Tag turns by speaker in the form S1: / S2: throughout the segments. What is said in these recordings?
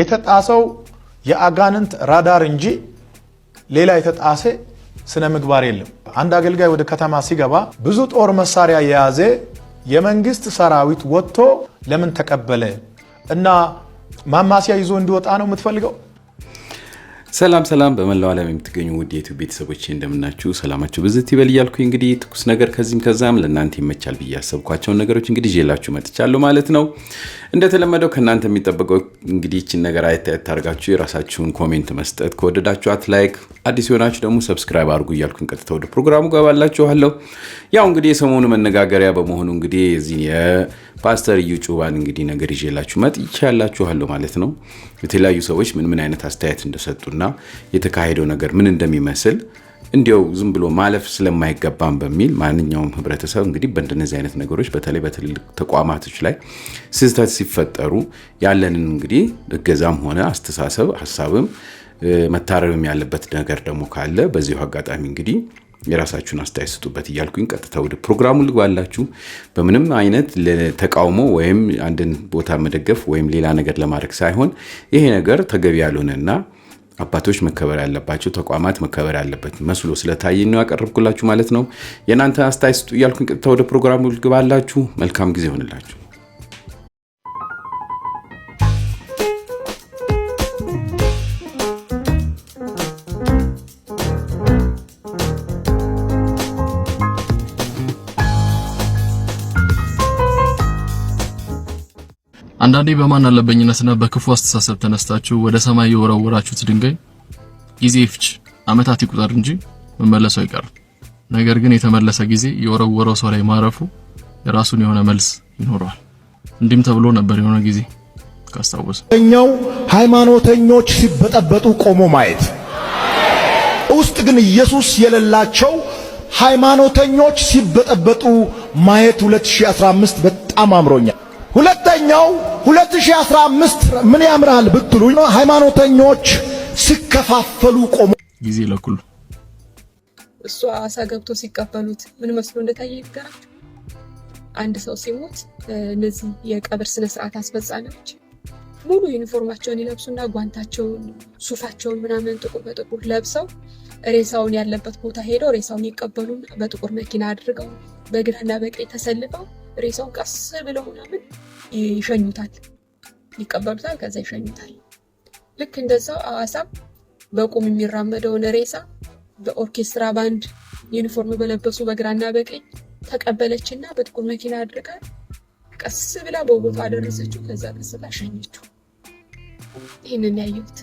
S1: የተጣሰው የአጋንንት ራዳር እንጂ ሌላ የተጣሰ ስነ ምግባር የለም። አንድ አገልጋይ ወደ ከተማ ሲገባ ብዙ ጦር መሳሪያ የያዘ የመንግስት ሰራዊት ወጥቶ ለምን ተቀበለ እና ማማሲያ ይዞ እንዲወጣ ነው የምትፈልገው?
S2: ሰላም ሰላም በመላው ዓለም የምትገኙ ውድ የዩቲዩብ ቤተሰቦች እንደምናችሁ ሰላማችሁ ብዝት ይበል እያልኩኝ እንግዲህ ትኩስ ነገር ከዚህም ከዛም ለእናንተ ይመቻል ብዬ ያሰብኳቸውን ነገሮች እንግዲህ ይዤላችሁ መጥቻለሁ ማለት ነው። እንደተለመደው ከእናንተ የሚጠበቀው እንግዲህ ይችን ነገር አየት አየት ታርጋችሁ የራሳችሁን ኮሜንት መስጠት፣ ከወደዳችኋት ላይክ፣ አዲስ የሆናችሁ ደግሞ ሰብስክራይብ አድርጉ እያልኩኝ ቀጥታ ወደ ፕሮግራሙ ገባላችኋለሁ። ያው እንግዲህ የሰሞኑ መነጋገሪያ በመሆኑ እንግዲህ የዚህ ፓስተር እዩ እንግዲህ ነገር ይዤላችሁ መጥቻላችኋለሁ ማለት ነው። የተለያዩ ሰዎች ምን ምን አይነት አስተያየት እንደሰጡና የተካሄደው ነገር ምን እንደሚመስል እንዲያው ዝም ብሎ ማለፍ ስለማይገባም በሚል ማንኛውም ህብረተሰብ እንግዲህ በእንደነዚህ አይነት ነገሮች በተለይ በትልልቅ ተቋማቶች ላይ ስህተት ሲፈጠሩ ያለንን እንግዲህ እገዛም ሆነ አስተሳሰብ ሀሳብም መታረብም ያለበት ነገር ደግሞ ካለ በዚሁ አጋጣሚ እንግዲህ የራሳችሁን አስተያየት ስጡበት እያልኩኝ ቀጥታ ወደ ፕሮግራሙ ልግባላችሁ። በምንም አይነት ለተቃውሞ ወይም አንድን ቦታ መደገፍ ወይም ሌላ ነገር ለማድረግ ሳይሆን ይሄ ነገር ተገቢ ያልሆነና አባቶች መከበር ያለባቸው ተቋማት መከበር ያለበት መስሎ ስለታይ ነው ያቀረብኩላችሁ ማለት ነው። የእናንተ አስተያየት ስጡ እያልኩኝ ቀጥታ ወደ ፕሮግራሙ ልግባላችሁ። መልካም ጊዜ ይሆንላችሁ።
S3: አንዳንዴ በማን አለበኝነትና በክፉ አስተሳሰብ ተነስታችሁ ወደ ሰማይ የወረወራችሁት ድንጋይ ጊዜ ይፍጅ፣ አመታት ይቁጠር እንጂ መመለሱ አይቀርም። ነገር ግን የተመለሰ ጊዜ የወረወረው ሰው ላይ ማረፉ የራሱን የሆነ መልስ ይኖረዋል። እንዲህም ተብሎ ነበር የሆነ ጊዜ ካስታወሰ
S4: እኛው ሃይማኖተኞች ሲበጠበጡ ቆሞ ማየት ውስጥ ግን ኢየሱስ የሌላቸው ሃይማኖተኞች ሲበጠበጡ ማየት 2015 በጣም አምሮኛል። ሁለተኛው 2015 ምን ያምራል ብትሉ ሃይማኖተኞች ሲከፋፈሉ
S3: ቆሞ ጊዜ ለኩሉ
S5: እሷ አሳ ገብቶ ሲቀበሉት ምን መስሎ እንደታየ ይገራል። አንድ ሰው ሲሞት እነዚህ የቀብር ስነ ስርዓት አስፈጻሚዎች ሙሉ ዩኒፎርማቸውን ይለብሱና ጓንታቸውን፣ ሱፋቸውን ምናምን ጥቁር በጥቁር ለብሰው ሬሳውን ያለበት ቦታ ሄደው ሬሳውን ይቀበሉና በጥቁር መኪና አድርገው በግራና በቀኝ ተሰልፈው ሬሳውን ቀስ ብለው ምናምን ይሸኙታል፣ ይቀበሉታል፣ ከዛ ይሸኙታል። ልክ እንደዛው አዋሳ በቁም የሚራመደውን ሬሳ በኦርኬስትራ ባንድ ዩኒፎርም በለበሱ በግራና በቀኝ ተቀበለችና በጥቁር መኪና አድርጋ ቀስ ብላ በቦታ አደረሰችው። ከዛ ቀስ ብላ ሸኘችው። ይህንን ያየሁት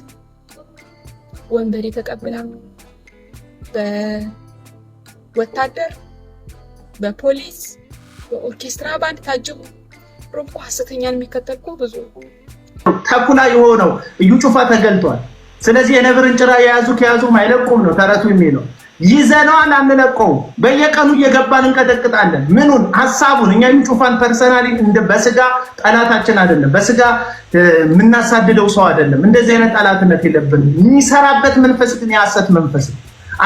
S5: ወንበዴ ተቀብላ በወታደር በፖሊስ በኦርኬስትራ ባንድ ታጅቡ ሮምኮ ሀሰተኛን የሚከተል እኮ ብዙ
S4: ተኩላ የሆነው እዩ ጩፋ ተገልጧል። ስለዚህ የነብርን ጭራ የያዙ ከያዙ አይለቁም ነው ተረቱ የሚለው። ይዘነዋል፣ አንለቀውም። በየቀኑ እየገባን እንቀጠቅጣለን። ምኑን ሀሳቡን እኛ እዩ ጩፋን ፐርሰናሊ በስጋ ጠላታችን አይደለም፣ በስጋ የምናሳድደው ሰው አይደለም። እንደዚህ አይነት ጠላትነት የለብን። የሚሰራበት መንፈስ ግን የሀሰት መንፈስ ነው።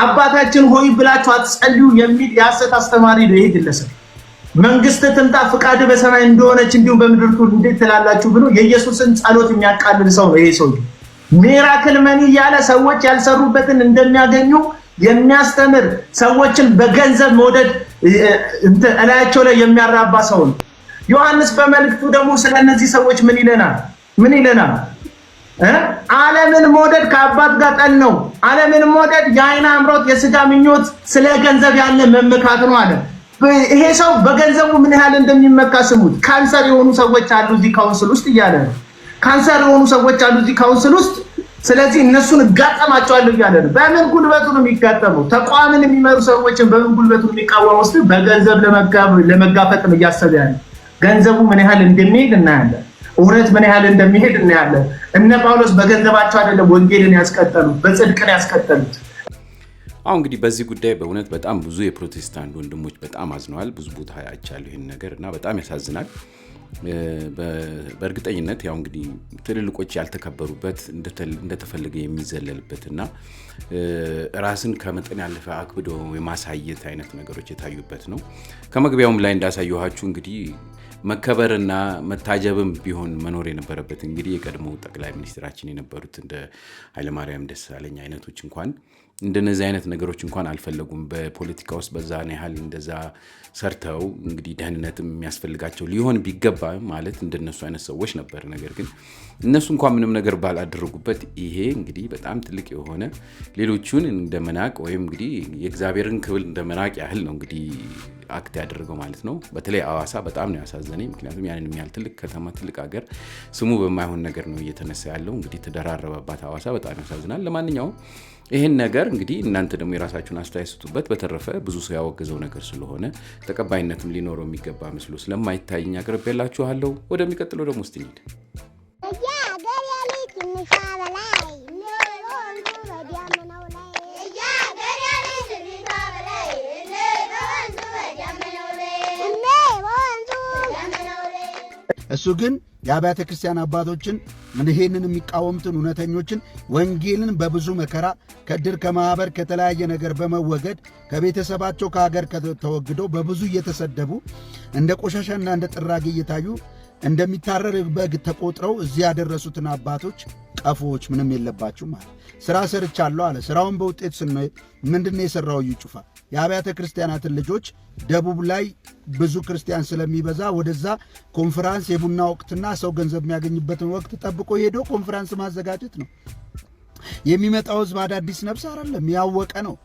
S4: አባታችን ሆይ ብላችሁ አትጸልዩ የሚል የሀሰት አስተማሪ ነው ይሄ ግለሰብ። መንግስት ትምጣ ፍቃድ በሰማይ እንደሆነች እንዲሁም በምድር ትሁን እንዴት ትላላችሁ ብሎ የኢየሱስን ጸሎት የሚያቃልል ሰው ነው ይሄ ሰው። ሚራክል መኒ እያለ ሰዎች ያልሰሩበትን እንደሚያገኙ የሚያስተምር ሰዎችን በገንዘብ መውደድ እላያቸው ላይ የሚያራባ ሰው ነው። ዮሐንስ በመልእክቱ ደግሞ ስለ እነዚህ ሰዎች ምን ይለናል? ምን ይለናል? ዓለምን መውደድ ከአባት ጋር ጠል ነው። ዓለምን መውደድ የአይን አምሮት፣ የስጋ ምኞት፣ ስለ ገንዘብ ያለ መመካት ነው አለ። ይሄ ሰው በገንዘቡ ምን ያህል እንደሚመካ ስሙት። ካንሰር የሆኑ ሰዎች አሉ እዚህ ካውንስል ውስጥ እያለ ነው። ካንሰር የሆኑ ሰዎች አሉ እዚህ ካውንስል ውስጥ። ስለዚህ እነሱን እጋጠማቸዋለሁ እያለ ነው። በምን ጉልበቱ ነው የሚጋጠመው? ተቋምን የሚመሩ ሰዎችን በምን ጉልበቱ ነው የሚቃወመው? ስ በገንዘብ ለመጋፈጥ ነው እያሰብ ያለ። ገንዘቡ ምን ያህል እንደሚሄድ እናያለን። እውነት ምን ያህል እንደሚሄድ እናያለን። እነ ጳውሎስ በገንዘባቸው አይደለም ወንጌልን ያስቀጠሉት፣ በጽድቅን ያስቀጠሉት
S2: አሁን እንግዲህ በዚህ ጉዳይ በእውነት በጣም ብዙ የፕሮቴስታንት ወንድሞች በጣም አዝነዋል። ብዙ ቦታ ያቻለሁ ይህን ነገር እና በጣም ያሳዝናል። በእርግጠኝነት ያው እንግዲህ ትልልቆች ያልተከበሩበት እንደተፈለገ የሚዘለልበት እና ራስን ከመጠን ያለፈ አክብዶ የማሳየት አይነት ነገሮች የታዩበት ነው። ከመግቢያውም ላይ እንዳሳየኋችሁ እንግዲህ መከበርና መታጀብም ቢሆን መኖር የነበረበት እንግዲህ የቀድሞ ጠቅላይ ሚኒስትራችን የነበሩት እንደ ኃይለማርያም ደሳለኝ አይነቶች እንኳን እንደነዚህ አይነት ነገሮች እንኳን አልፈለጉም። በፖለቲካ ውስጥ በዛን ያህል እንደዛ ሰርተው እንግዲህ ደህንነትም የሚያስፈልጋቸው ሊሆን ቢገባ ማለት እንደነሱ አይነት ሰዎች ነበር። ነገር ግን እነሱ እንኳን ምንም ነገር ባላደረጉበት ይሄ እንግዲህ በጣም ትልቅ የሆነ ሌሎቹን እንደመናቅ ወይም እንግዲህ የእግዚአብሔርን ክብል እንደመናቅ ያህል ነው እንግዲህ አክት ያደረገው ማለት ነው። በተለይ አዋሳ በጣም ነው ያሳዘ ያሳዘነኝ። ምክንያቱም ያንን የሚያህል ትልቅ ከተማ ትልቅ ሀገር ስሙ በማይሆን ነገር ነው እየተነሳ ያለው። እንግዲህ ተደራረበባት ሀዋሳ በጣም ያሳዝናል። ለማንኛውም ይህን ነገር እንግዲህ እናንተ ደግሞ የራሳችሁን አስተያየት ስጡበት። በተረፈ ብዙ ሰው ያወገዘው ነገር ስለሆነ ተቀባይነትም ሊኖረው የሚገባ መስሎ ስለማይታይኝ አቅርቤላችኋለሁ። ወደሚቀጥለው ደግሞ ውስጥ እንሂድ።
S4: እነሱ ግን የአብያተ ክርስቲያን አባቶችን ይህንን የሚቃወሙትን እውነተኞችን ወንጌልን በብዙ መከራ ከድር ከማኅበር ከተለያየ ነገር በመወገድ ከቤተሰባቸው ከሀገር ተወግደው በብዙ እየተሰደቡ እንደ ቆሻሻና እንደ ጥራጊ እየታዩ እንደሚታረር በግ ተቆጥረው እዚህ ያደረሱትን አባቶች ቀፎዎች ምንም የለባችሁ ማለት ስራ ሰርቻለሁ አለ። ስራውን በውጤት ስነ ምንድን የሰራው? እዩ ጩፋ የአብያተ ክርስቲያናትን ልጆች ደቡብ ላይ ብዙ ክርስቲያን ስለሚበዛ ወደዛ ኮንፈራንስ የቡና ወቅትና ሰው ገንዘብ የሚያገኝበትን ወቅት ጠብቆ ሄዶ ኮንፈራንስ ማዘጋጀት ነው። የሚመጣው ህዝብ አዳዲስ ነፍስ አይደለም፣ ያወቀ ነው።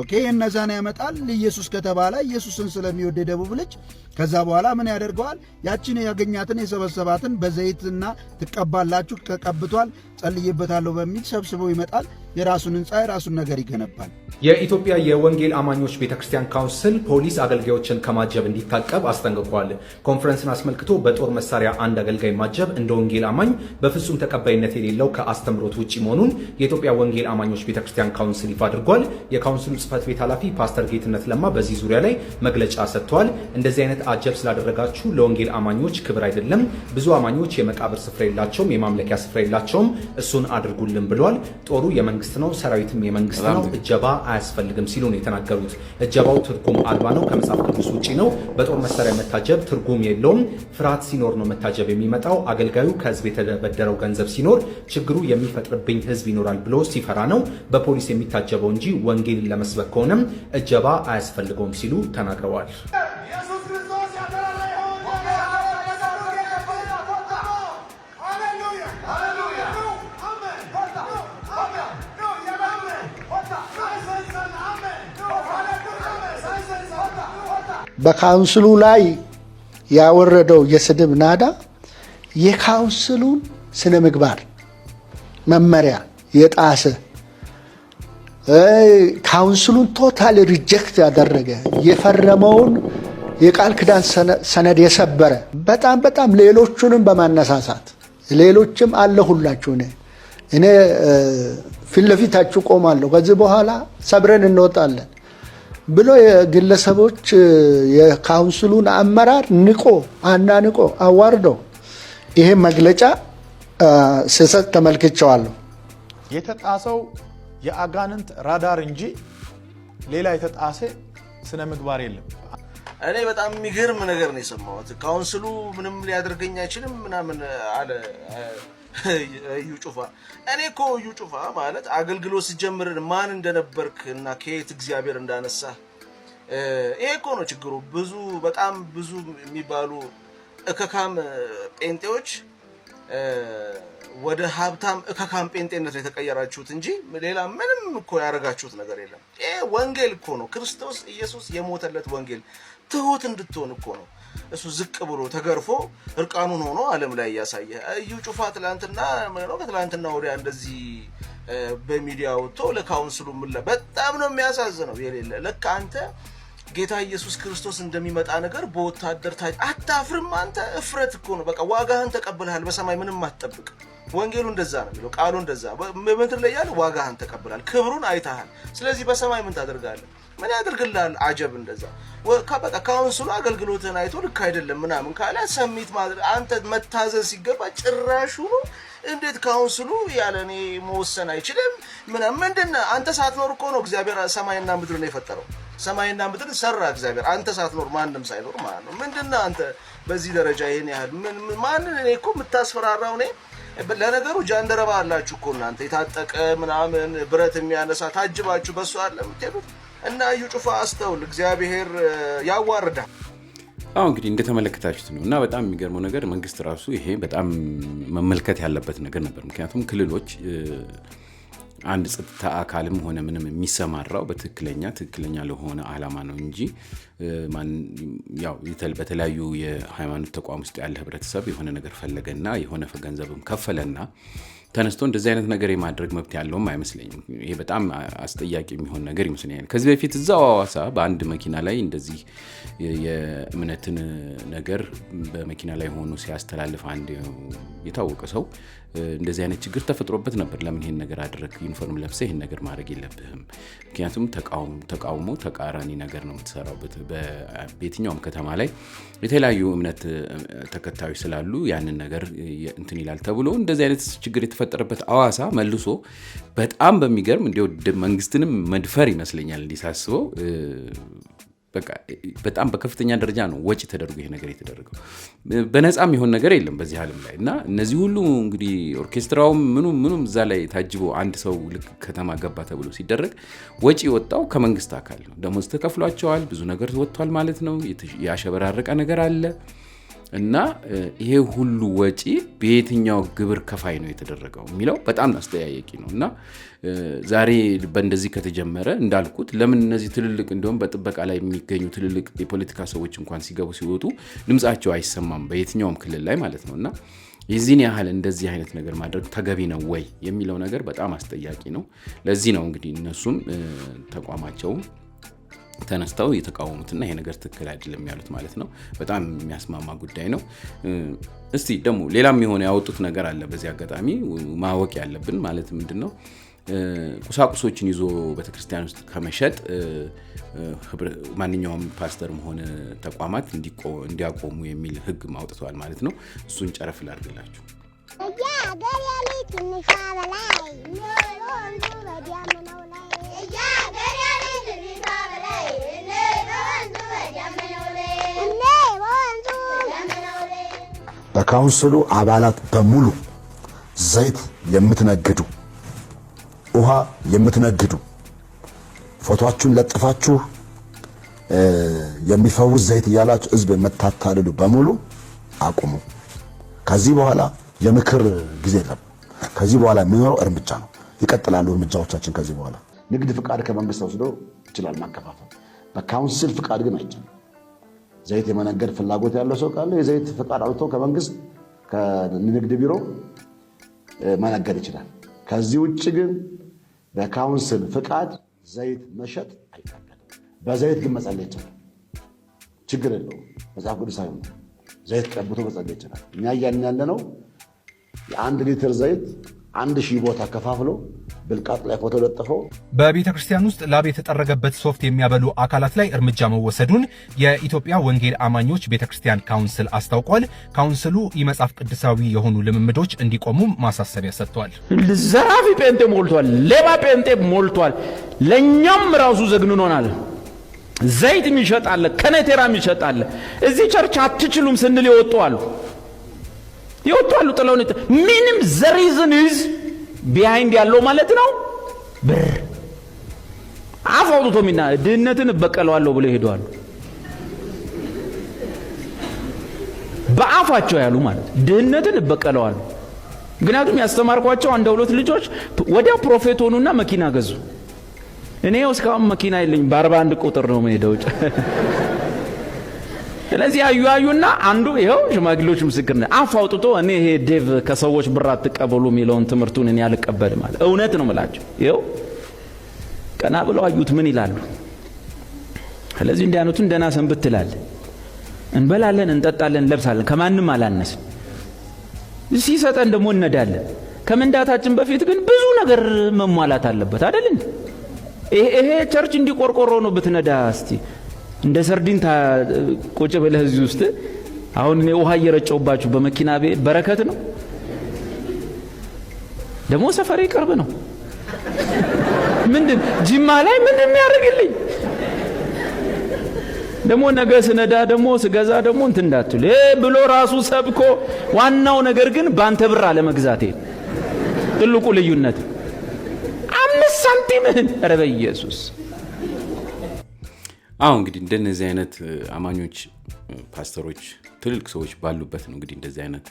S4: ኦኬ እነዛን ያመጣል። ኢየሱስ ከተባለ ኢየሱስን ስለሚወድ የደቡብ ልጅ ከዛ በኋላ ምን ያደርገዋል? ያችን ያገኛትን የሰበሰባትን በዘይትና ትቀባላችሁ ተቀብቷል፣ ጸልይበታለሁ በሚል ሰብስቦ ይመጣል። የራሱን ህንፃ የራሱን ነገር ይገነባል።
S6: የኢትዮጵያ የወንጌል አማኞች ቤተክርስቲያን ካውንስል ፖሊስ አገልጋዮችን ከማጀብ እንዲታቀብ አስጠንቅቋል። ኮንፈረንስን አስመልክቶ በጦር መሳሪያ አንድ አገልጋይ ማጀብ እንደ ወንጌል አማኝ በፍጹም ተቀባይነት የሌለው ከአስተምሮት ውጭ መሆኑን የኢትዮጵያ ወንጌል አማኞች ቤተክርስቲያን ካውንስል ይፋ አድርጓል። የካውንስሉ ጽህፈት ቤት ኃላፊ ፓስተር ጌትነት ለማ በዚህ ዙሪያ ላይ መግለጫ ሰጥተዋል። እንደዚህ አይነት አጀብ ስላደረጋችሁ ለወንጌል አማኞች ክብር አይደለም። ብዙ አማኞች የመቃብር ስፍራ የላቸውም፣ የማምለኪያ ስፍራ የላቸውም። እሱን አድርጉልን ብለዋል። ጦሩ የመንግስት ነው፣ ሰራዊትም የመንግስት ነው፣ እጀባ አያስፈልግም ሲሉ ነው የተናገሩት። እጀባው ትርጉም አልባ ነው፣ ከመጽሐፍ ቅዱስ ውጭ ነው። በጦር መሳሪያ መታጀብ ትርጉም የለውም። ፍርሃት ሲኖር ነው መታጀብ የሚመጣው። አገልጋዩ ከህዝብ የተበደረው ገንዘብ ሲኖር ችግሩ የሚፈጥርብኝ ህዝብ ይኖራል ብሎ ሲፈራ ነው በፖሊስ የሚታጀበው እንጂ ወንጌልን ለመስበክ ከሆነም እጀባ አያስፈልገውም ሲሉ ተናግረዋል።
S7: በካውንስሉ ላይ ያወረደው የስድብ ናዳ የካውንስሉን ስነ ምግባር መመሪያ የጣሰ ካውንስሉን ቶታል ሪጀክት ያደረገ የፈረመውን የቃል ክዳን ሰነድ የሰበረ በጣም በጣም ሌሎቹንም በማነሳሳት ሌሎችም አለ ሁላችሁ እኔ ፊት ለፊታችሁ ቆማለሁ። ከዚህ በኋላ ሰብረን እንወጣለን ብሎ የግለሰቦች የካውንስሉን አመራር ንቆ አናንቆ አዋርዶ ይሄ መግለጫ ስሰጥ ተመልክቸዋለሁ።
S1: የተጣሰው የአጋንንት ራዳር እንጂ ሌላ የተጣሰ ስነ ምግባር
S8: የለም። እኔ በጣም የሚገርም ነገር ነው የሰማሁት። ካውንስሉ ምንም ሊያደርገኝ አይችልም ምናምን አለ እዩ ጩፋ። እኔ እኮ እዩ ጩፋ ማለት አገልግሎት ሲጀምር ማን እንደነበርክ እና ከየት እግዚአብሔር እንዳነሳ ይሄ እኮ ነው ችግሩ። ብዙ በጣም ብዙ የሚባሉ እከካም ጴንጤዎች ወደ ሀብታም እከካም ጴንጤነት ነው የተቀየራችሁት እንጂ ሌላ ምንም እኮ ያደረጋችሁት ነገር የለም። ይሄ ወንጌል እኮ ነው፣ ክርስቶስ ኢየሱስ የሞተለት ወንጌል። ትሁት እንድትሆን እኮ ነው እሱ ዝቅ ብሎ ተገርፎ እርቃኑን ሆኖ ዓለም ላይ እያሳየ እዩ ጩፋ ትላንትና ከትላንትና ወዲያ እንደዚህ በሚዲያ ወጥቶ ለካውንስሉ ምላ በጣም ነው የሚያሳዝነው የሌለ ልክ አንተ ጌታ ኢየሱስ ክርስቶስ እንደሚመጣ ነገር በወታደር ታ አታፍርም። አንተ እፍረት እኮ ነው። በቃ ዋጋህን ተቀብልሃል። በሰማይ ምንም አትጠብቅ። ወንጌሉ እንደዛ ነው የሚለው፣ ቃሉ እንደዛ። ምድር ላይ ያለ ዋጋህን ተቀብላል ክብሩን አይተሃል። ስለዚህ በሰማይ ምን ታደርጋለህ? ምን ያደርግልሃል? አጀብ እንደዛ በቃ ካውንስሉ አገልግሎትን አይቶ ልክ አይደለም ምናምን ካለ ሰሚት ማድረግ አንተ መታዘዝ ሲገባ ጭራሽ ሁሉ እንዴት ካውንስሉ ያለ እኔ መወሰን አይችልም ምናምን ምንድን አንተ ሳትኖር እኮ ነው እግዚአብሔር ሰማይና ምድር ነው የፈጠረው። ሰማይና ምድር ሰራ እግዚአብሔር አንተ ሳትኖር ማንም ሳይኖር ማለት ነው። አንተ በዚህ ደረጃ ይሄን ያህል ማንን? እኔ እኮ የምታስፈራራው እኔ ለነገሩ ጃንደረባ አላችሁ እኮ እናንተ የታጠቀ ምናምን ብረት የሚያነሳ ታጅባችሁ በሱ አለ የምትሄዱት እና እዩ ጩፋ አስተውል፣ እግዚአብሔር ያዋርዳል። አሁ
S2: እንግዲህ እንደተመለከታችሁት ነው እና በጣም የሚገርመው ነገር መንግስት ራሱ ይሄ በጣም መመልከት ያለበት ነገር ነበር። ምክንያቱም ክልሎች አንድ ጸጥታ አካልም ሆነ ምንም የሚሰማራው በትክክለኛ ትክክለኛ ለሆነ አላማ ነው እንጂ በተለያዩ የሃይማኖት ተቋም ውስጥ ያለ ህብረተሰብ የሆነ ነገር ፈለገና የሆነ ገንዘብም ከፈለና ተነስቶ እንደዚህ አይነት ነገር የማድረግ መብት ያለውም አይመስለኝም። ይሄ በጣም አስጠያቂ የሚሆን ነገር ይመስለኛል። ከዚህ በፊት እዛው አዋሳ በአንድ መኪና ላይ እንደዚህ የእምነትን ነገር በመኪና ላይ ሆኖ ሲያስተላልፍ አንድ የታወቀ ሰው እንደዚህ አይነት ችግር ተፈጥሮበት ነበር። ለምን ይሄን ነገር አደረግ? ዩኒፎርም ለብሰ ይሄን ነገር ማድረግ የለብህም። ምክንያቱም ተቃውሞ ተቃራኒ ነገር ነው የምትሰራው። በየትኛውም ከተማ ላይ የተለያዩ እምነት ተከታዮች ስላሉ ያንን ነገር እንትን ይላል ተብሎ እንደዚህ አይነት ችግር የተፈጠረበት አዋሳ መልሶ በጣም በሚገርም እንዲ መንግስትንም መድፈር ይመስለኛል እንዲሳስበው በቃ በጣም በከፍተኛ ደረጃ ነው ወጪ ተደርጎ ይሄ ነገር የተደረገው። በነፃም የሆን ነገር የለም በዚህ ዓለም ላይ እና እነዚህ ሁሉ እንግዲህ ኦርኬስትራውም ምኑም ምኑም እዛ ላይ ታጅቦ አንድ ሰው ልክ ከተማ ገባ ተብሎ ሲደረግ ወጪ ወጣው ከመንግስት አካል ነው። ደሞዝ ተከፍሏቸዋል። ብዙ ነገር ወጥቷል ማለት ነው። ያሸበራረቀ ነገር አለ። እና ይሄ ሁሉ ወጪ በየትኛው ግብር ከፋይ ነው የተደረገው የሚለው በጣም አስተያየቂ ነው። እና ዛሬ በእንደዚህ ከተጀመረ እንዳልኩት ለምን እነዚህ ትልልቅ እንዲሁም በጥበቃ ላይ የሚገኙ ትልልቅ የፖለቲካ ሰዎች እንኳን ሲገቡ ሲወጡ ድምፃቸው አይሰማም በየትኛውም ክልል ላይ ማለት ነው እና የዚህን ያህል እንደዚህ አይነት ነገር ማድረግ ተገቢ ነው ወይ የሚለው ነገር በጣም አስጠያቂ ነው። ለዚህ ነው እንግዲህ እነሱም ተቋማቸውም ተነስተው የተቃወሙትና ይሄ ነገር ትክክል አይደለም ያሉት ማለት ነው። በጣም የሚያስማማ ጉዳይ ነው። እስቲ ደግሞ ሌላም የሆነ ያወጡት ነገር አለ። በዚህ አጋጣሚ ማወቅ ያለብን ማለት ምንድን ነው ቁሳቁሶችን ይዞ ቤተክርስቲያን ውስጥ ከመሸጥ ማንኛውም ፓስተርም ሆነ ተቋማት እንዲያቆሙ የሚል ሕግ አውጥተዋል ማለት ነው። እሱን ጨረፍ ላድርግላችሁ።
S9: በካውንስሉ አባላት በሙሉ ዘይት የምትነግዱ፣ ውሃ የምትነግዱ ፎቶአችሁን ለጥፋችሁ የሚፈውስ ዘይት እያላችሁ ህዝብ የምታታልሉ በሙሉ አቁሙ። ከዚህ በኋላ የምክር ጊዜ የለም። ከዚህ በኋላ የሚኖረው እርምጃ ነው። ይቀጥላሉ እርምጃዎቻችን ከዚህ በኋላ። ንግድ ፍቃድ ከመንግስት ወስዶ ይችላል ማከፋፈል፣ በካውንስል ፍቃድ ግን አይቻልም። ዘይት የመነገድ ፍላጎት ያለው ሰው ካለ የዘይት ፈቃድ አውጥቶ ከመንግስት ከንግድ ቢሮ መነገድ ይችላል። ከዚህ ውጭ ግን በካውንስል ፍቃድ ዘይት መሸጥ አይፈቀድም። በዘይት ግን መጸለይ ይችላል። ችግር የለውም። መጽሐፍ ቅዱሳዊ ነው። ዘይት ቀብቶ መጸለይ ይችላል። እኛ እያልን ያለ ነው የአንድ ሊትር ዘይት አንድ ሺህ ቦታ ከፋፍሎ ብልቃጥ ላይ ፎቶ ለጠፈው።
S3: በቤተ ክርስቲያን ውስጥ ላብ የተጠረገበት ሶፍት የሚያበሉ አካላት ላይ እርምጃ መወሰዱን የኢትዮጵያ ወንጌል አማኞች ቤተ ክርስቲያን ካውንስል አስታውቋል። ካውንስሉ የመጽሐፍ ቅዱሳዊ የሆኑ ልምምዶች እንዲቆሙ ማሳሰቢያ ሰጥቷል።
S4: ዘራፊ ጴንጤ ሞልቷል። ሌባ ጴንጤ ሞልቷል። ለእኛም ራሱ ዘግንኖናል። ዘይት የሚሸጣለ ከነቴራ የሚሸጣለ እዚህ ቸርች አትችሉም ስንል ይወጡ አሉ ይወጡ አሉ ጥለውን ምንም ዘሪዝን ይዝ ቢሃይንድ ያለው ማለት ነው ብር አፍ አውጥቶ ሚና ድህነትን እበቀለዋለሁ ብሎ ይሄደዋሉ። በአፋቸው ያሉ ማለት ድህነትን እበቀለዋለሁ። ምክንያቱም ያስተማርኳቸው አንድ ሁለት ልጆች ወዲያ ፕሮፌት ሆኑና መኪና ገዙ። እኔ እስካሁን መኪና የለኝ በአርባ አንድ ቁጥር ነው የምሄደው። ስለዚህ አዩ አዩና አንዱ ይኸው ሽማግሌዎች ምስክር ነው። አፍ አውጥቶ እኔ ይሄ ዴቭ ከሰዎች ብር አትቀበሉ የሚለውን ትምህርቱን እኔ አልቀበልም አለ። እውነት ነው ምላቸው። ይኸው ቀና ብለው አዩት። ምን ይላሉ? ስለዚህ እንዲህ አይነቱን ደህና ሰንብት ትላል። እንበላለን፣ እንጠጣለን፣ እንለብሳለን፣ ከማንም አላነስን። ሲሰጠን ደግሞ እነዳለን። ከመንዳታችን በፊት ግን ብዙ ነገር መሟላት አለበት አደልን? ይሄ ቸርች እንዲቆርቆሮ ነው ብትነዳ እስቲ እንደ ሰርዲን ቁጭ ብለህ እዚህ ውስጥ አሁን እኔ ውሃ እየረጨውባችሁ በመኪና ቤት በረከት ነው። ደግሞ ሰፈሬ ቅርብ ነው። ምንድን ጅማ ላይ ምንድን የሚያደርግልኝ ደግሞ ነገ ስነዳ ደግሞ ስገዛ ደግሞ እንትን እንዳትሉ ብሎ ራሱ ሰብኮ፣ ዋናው ነገር ግን በአንተ ብር አለመግዛቴ ትልቁ ልዩነት አምስት ሳንቲምህን ረበ ኢየሱስ
S2: አሁ እንግዲህ እንደነዚህ አይነት አማኞች፣ ፓስተሮች፣ ትልልቅ ሰዎች ባሉበት ነው እንግዲህ እንደዚህ አይነት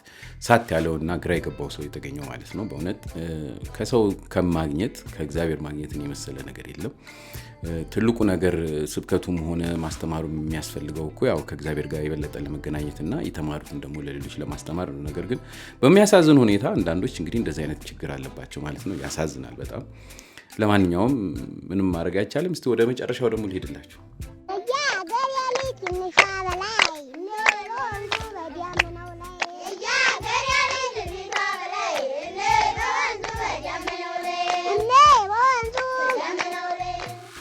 S2: ሳት ያለውና ግራ የገባው ሰው የተገኘው ማለት ነው። በእውነት ከሰው ከማግኘት ከእግዚአብሔር ማግኘትን የመሰለ ነገር የለም። ትልቁ ነገር ስብከቱም ሆነ ማስተማሩ የሚያስፈልገው እኮ ያው ከእግዚአብሔር ጋር የበለጠ ለመገናኘት እና የተማሩትን ደግሞ ለሌሎች ለማስተማር ነው። ነገር ግን በሚያሳዝን ሁኔታ አንዳንዶች እንግዲህ እንደዚህ አይነት ችግር አለባቸው ማለት ነው። ያሳዝናል በጣም። ለማንኛውም ምንም ማድረግ አይቻልም። እስቲ ወደ መጨረሻው ደግሞ ልሄድላችሁ።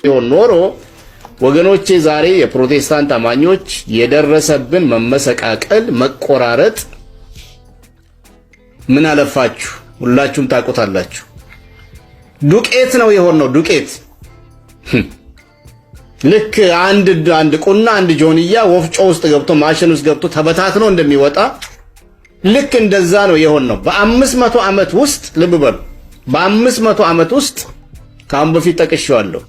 S4: ቢሆን ኖሮ ወገኖቼ ዛሬ የፕሮቴስታንት አማኞች የደረሰብን መመሰቃቀል፣ መቆራረጥ ምን አለፋችሁ ሁላችሁም ታውቁታላችሁ። ዱቄት ነው የሆነው ዱቄት ልክ አንድ አንድ ቁና አንድ ጆንያ ወፍጮ ውስጥ ገብቶ ማሽን ውስጥ ገብቶ ተበታትኖ እንደሚወጣ ልክ እንደዛ ነው የሆን ነው። በአምስት መቶ ዓመት ውስጥ ልብ በሉ። በአምስት መቶ ዓመት ውስጥ ከአሁን በፊት ጠቅሼዋለሁ።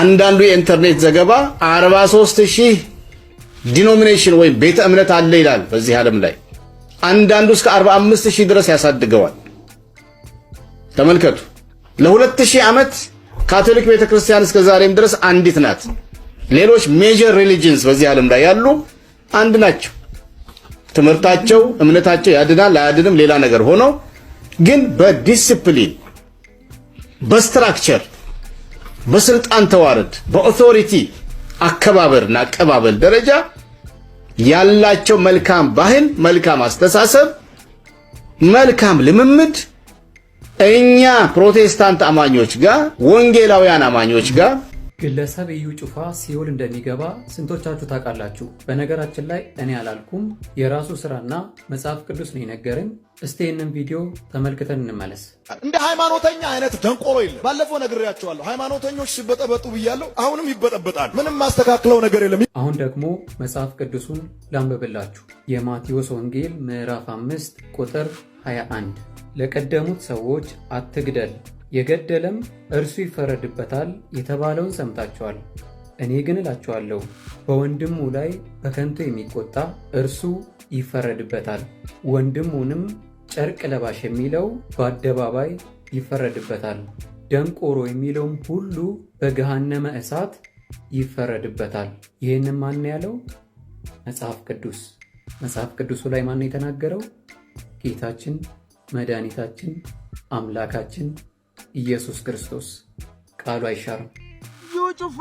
S4: አንዳንዱ የኢንተርኔት ዘገባ 43 ሺህ ዲኖሚኔሽን ወይም ቤተ እምነት አለ ይላል በዚህ ዓለም ላይ። አንዳንዱ እስከ 45 ሺህ ድረስ ያሳድገዋል። ተመልከቱ ለሁለት ሺህ ዓመት ካቶሊክ ቤተክርስቲያን እስከ ዛሬም ድረስ አንዲት ናት። ሌሎች ሜጀር ሪሊጅንስ በዚህ ዓለም ላይ ያሉ አንድ ናቸው። ትምህርታቸው፣ እምነታቸው ያድናል አያድንም ሌላ ነገር ሆኖ ግን በዲስፕሊን በስትራክቸር በስልጣን ተዋረድ በኦቶሪቲ አከባበርና አቀባበል ደረጃ ያላቸው መልካም ባህል፣ መልካም አስተሳሰብ፣ መልካም ልምምድ እኛ ፕሮቴስታንት አማኞች ጋር ወንጌላውያን አማኞች
S3: ጋር ግለሰብ እዩ ጩፋ ሲኦል እንደሚገባ ስንቶቻችሁ ታውቃላችሁ? በነገራችን ላይ እኔ አላልኩም፣ የራሱ ስራና መጽሐፍ ቅዱስ ነው የነገረኝ። እስቲ ይህንን ቪዲዮ ተመልክተን እንመለስ።
S4: እንደ ሃይማኖተኛ አይነት ደንቆሮ የለም። ባለፈው ነግሬያቸዋለሁ። ሃይማኖተኞች ሲበጠበጡ ብያለሁ። አሁንም ይበጠበጣል። ምንም ማስተካክለው ነገር
S3: የለም። አሁን ደግሞ መጽሐፍ ቅዱሱን ላንብብላችሁ። የማቴዎስ ወንጌል ምዕራፍ አምስት ቁጥር 21 ለቀደሙት ሰዎች አትግደል፣ የገደለም እርሱ ይፈረድበታል የተባለውን ሰምታችኋል። እኔ ግን እላችኋለሁ በወንድሙ ላይ በከንቱ የሚቆጣ እርሱ ይፈረድበታል። ወንድሙንም ጨርቅ ለባሽ የሚለው በአደባባይ ይፈረድበታል። ደንቆሮ የሚለውም ሁሉ በገሃነመ እሳት ይፈረድበታል። ይህንም ማን ያለው? መጽሐፍ ቅዱስ። መጽሐፍ ቅዱሱ ላይ ማን የተናገረው? ጌታችን መድኃኒታችን አምላካችን ኢየሱስ ክርስቶስ ቃሉ አይሻርም። ጩፋ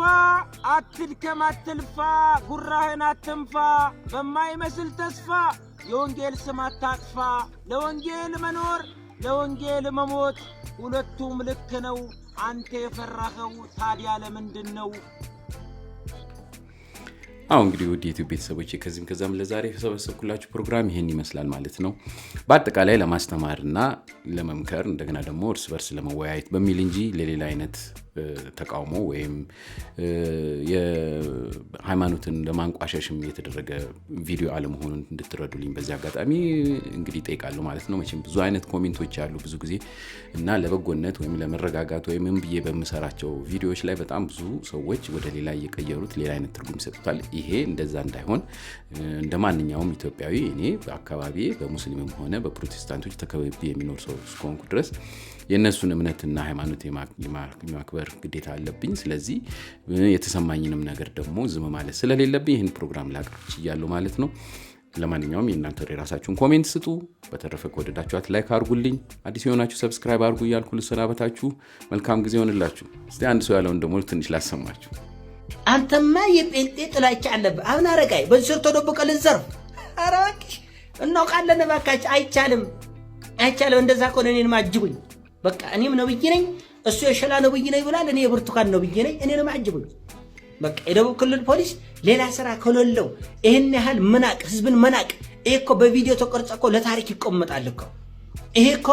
S3: አትድከም፣ አትልፋ፣ ጉራህን አትንፋ፣ በማይመስል ተስፋ የወንጌል ስም አታጥፋ። ለወንጌል
S2: መኖር ለወንጌል መሞት ሁለቱም ልክ ነው። አንተ የፈራኸው ታዲያ ለምንድን ነው? አሁ እንግዲህ ውድ የኢትዮ ቤተሰቦች ከዚህም ከዛም ለዛሬ የሰበሰብኩላችሁ ፕሮግራም ይህን ይመስላል ማለት ነው። በአጠቃላይ ለማስተማርና ለመምከር እንደገና ደግሞ እርስ በርስ ለመወያየት በሚል እንጂ ለሌላ አይነት ተቃውሞ ወይም የሃይማኖትን ለማንቋሸሽም የተደረገ ቪዲዮ አለመሆኑን እንድትረዱልኝ በዚህ አጋጣሚ እንግዲህ ጠይቃለሁ ማለት ነው። መቼም ብዙ አይነት ኮሜንቶች አሉ ብዙ ጊዜ እና ለበጎነት ወይም ለመረጋጋት ወይም ምን ብዬ በምሰራቸው ቪዲዮዎች ላይ በጣም ብዙ ሰዎች ወደ ሌላ እየቀየሩት ሌላ አይነት ትርጉም ይሰጡታል። ይሄ እንደዛ እንዳይሆን እንደ ማንኛውም ኢትዮጵያዊ እኔ በአካባቢ በሙስሊምም ሆነ በፕሮቴስታንቶች ተከበቢ የሚኖር ሰው እስከሆንኩ ድረስ የእነሱን እምነትና ሃይማኖት የማክበር ግዴታ አለብኝ። ስለዚህ የተሰማኝንም ነገር ደግሞ ዝም ማለት ስለሌለብኝ ይህን ፕሮግራም ላቀርብ እያሉ ማለት ነው። ለማንኛውም የእናንተ የራሳችሁን ኮሜንት ስጡ። በተረፈ ከወደዳችኋት ላይክ አርጉልኝ አዲስ የሆናችሁ ሰብስክራይብ አርጉ እያልኩ ልሰናበታችሁ። መልካም ጊዜ ሆንላችሁ እስቲ አንድ ሰው ያለውን ደግሞ ትንሽ ላሰማችሁ። አንተማ
S4: የጴንጤ ጥላቻ አለብህ። አሁን አረቃይ በዚህ ተደብቀ ልዘርፍ አራቂ እናውቃለን። እባካች አይቻልም፣ አይቻልም። እንደዛ ከሆነ እኔንም አጅቡኝ። በቃ እኔም ነብይ ነኝ፣ እሱ የሸላ ነብይ ነኝ ብላል። እኔ የብርቱካን ነብይ ነኝ፣ እኔንም አጅቡኝ። በቃ የደቡብ ክልል ፖሊስ ሌላ ስራ ከሌለው ይህን ያህል መናቅ፣ ህዝብን መናቅ። ይህ እኮ በቪዲዮ ተቀርጸ እኮ ለታሪክ ይቆመጣል እኮ ይሄ እኮ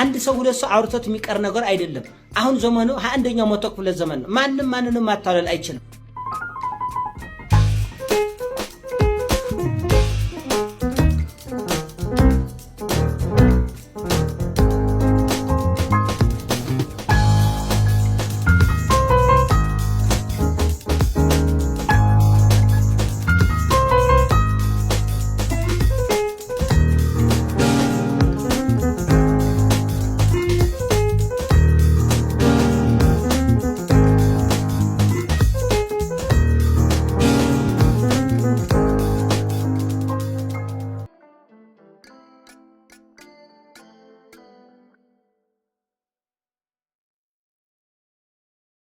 S4: አንድ ሰው ሁለት ሰው አውርቶት የሚቀር ነገር አይደለም። አሁን ዘመኑ ሀያ አንደኛው መቶ ክፍለ ዘመን ነው። ማንም ማንንም ማታለል አይችልም።